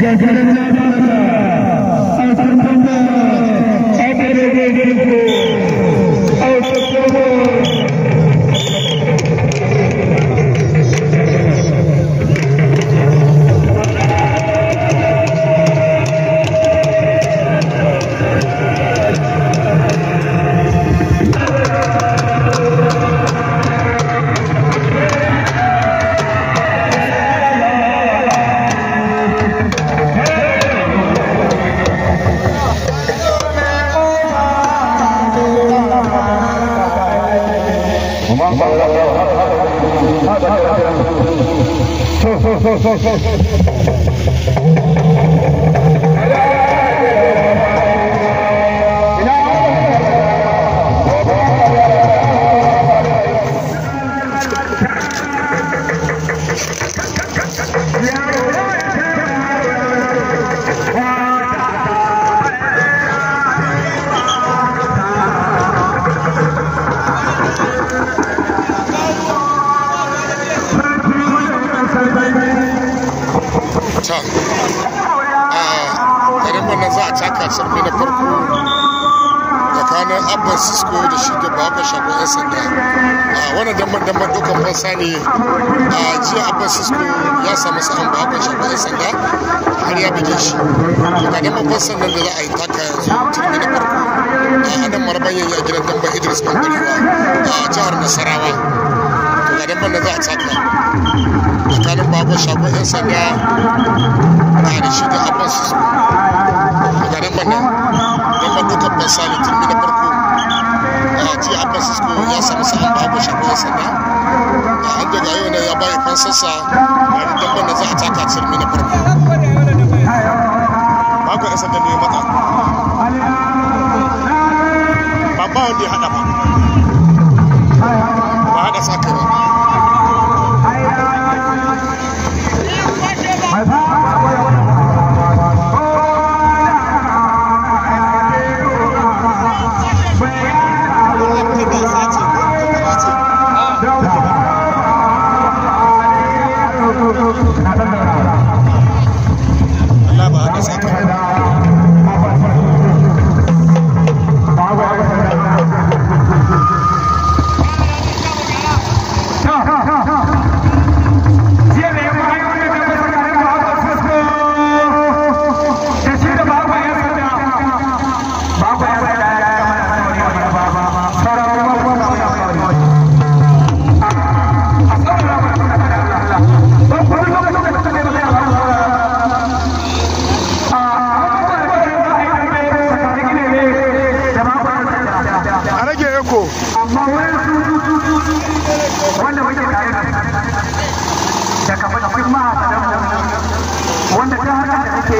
جل جلاله そうそうバイバイ fita ah, a garin wannan za a taka sarfi na farko tsakanin abban cisco da shi da ba shagon 'yan sanda a ah, wani damar damar dukkan fansa ne a ah, jiya abban cisco ya samu sa'an babban shagon 'yan sanda har ya bugi shi ga damar fansa nan da za a yi taka yanzu turmi na farko a hannun marban yanya gidan dambar idris bangarewa a jihar nasarawa abin da za a caka tsakanin babu shafi yan sanda na da shiga da abbas daga nan bana don ba dukkan basa ne turmi na farko a ji abbas ya samu sa'an babu shafi yan sanda a hajji ga yau ne ya bayi fansarsa a yi rikin bana za a tsaka turmi na farko babu yan sanda ne mata ba ba wanda ya hada ba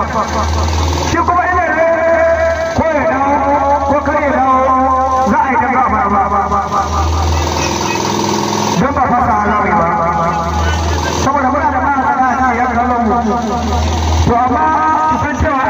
shi kuma ina ne ko ya dawo ko kar ya dawo za a yi ta ba ba ba ba don ba fasa alawi ba saboda muna da ba na ya kallon mu to amma cewa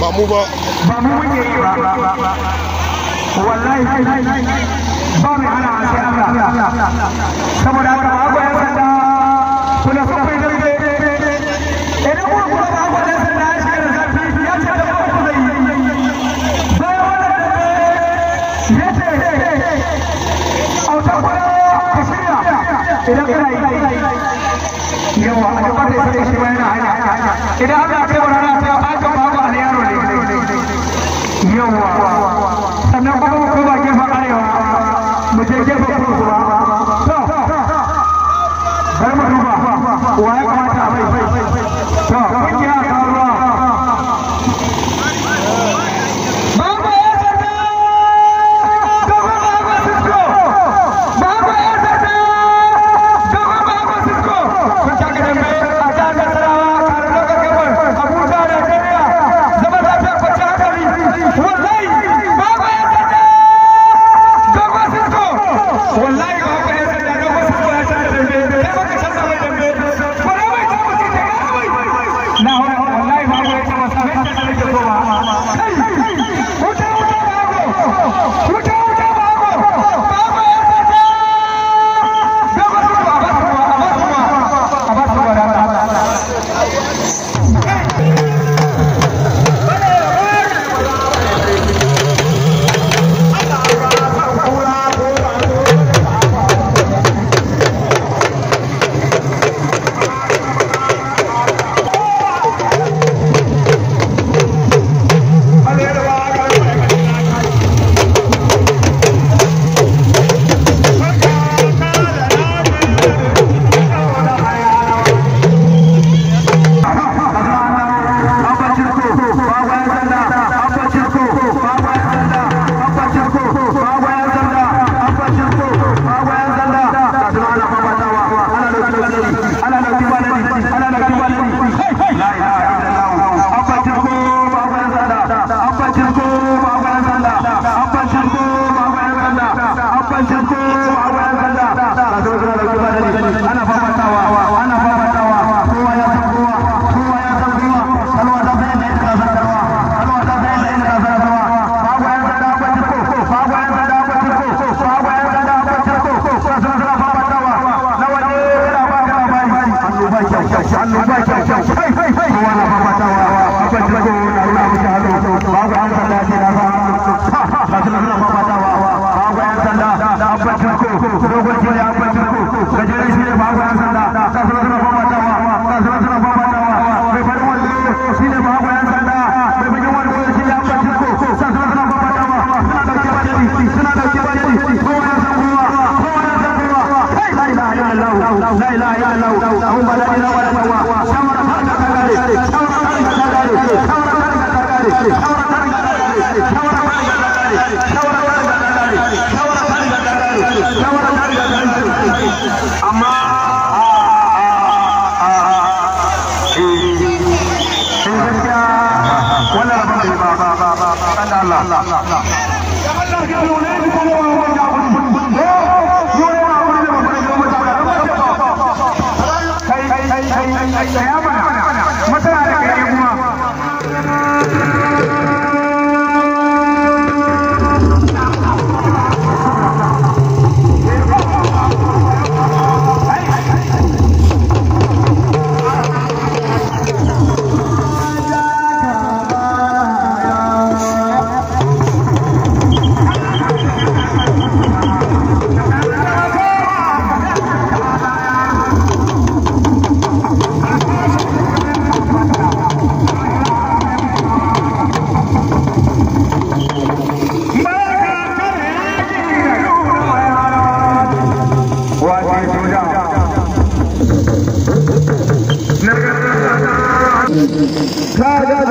ba mu ba ba mu yi ba wallahi ba mai hana a sai Allah saboda haka ba sanda idan kana a yana aka okay. ambacinku dogonci ne ambacinku gajere shi ne babu sanda kasuwa suna bambatawa kasuwa suna bambatawa mai farin wando shi ne babu yan sanda mai bakin wando shi ne ambacinku kasuwa suna bambatawa suna dauke ba dadi suna dauke ba dadi kowa ya san kowa kowa ya san kowa la ilaha illallah la ilaha illallah ahun bala ila wala tawa shawara har ka kagare shawara har ka kagare shawara har ka kagare shawara har ka kagare shawara har ka kagare shawara har ka kagare shawara ya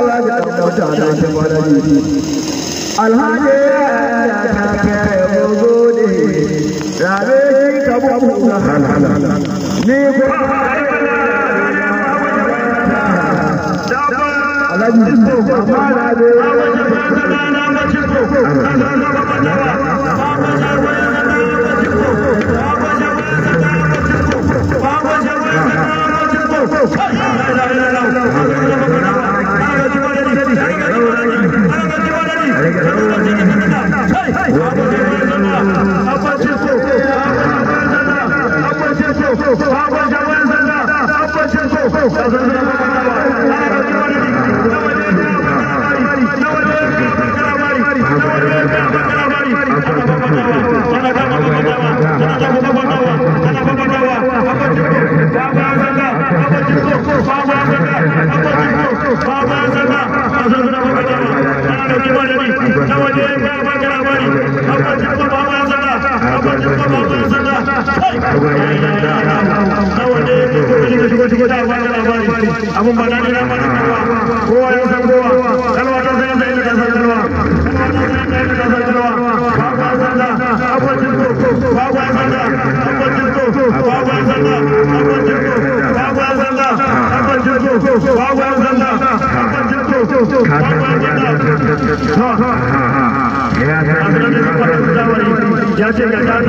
Allah ya tabbata da tabarani alhaji ya ta kai gode rabe shi ka babu halala ni ko alhaji ko ma rabe baba a suna baka labari abbacin ba abun ba na kowa bagon zanna ya ce ga ta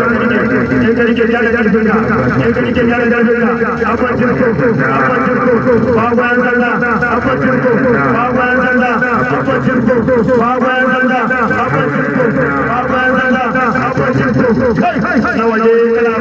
na waje kana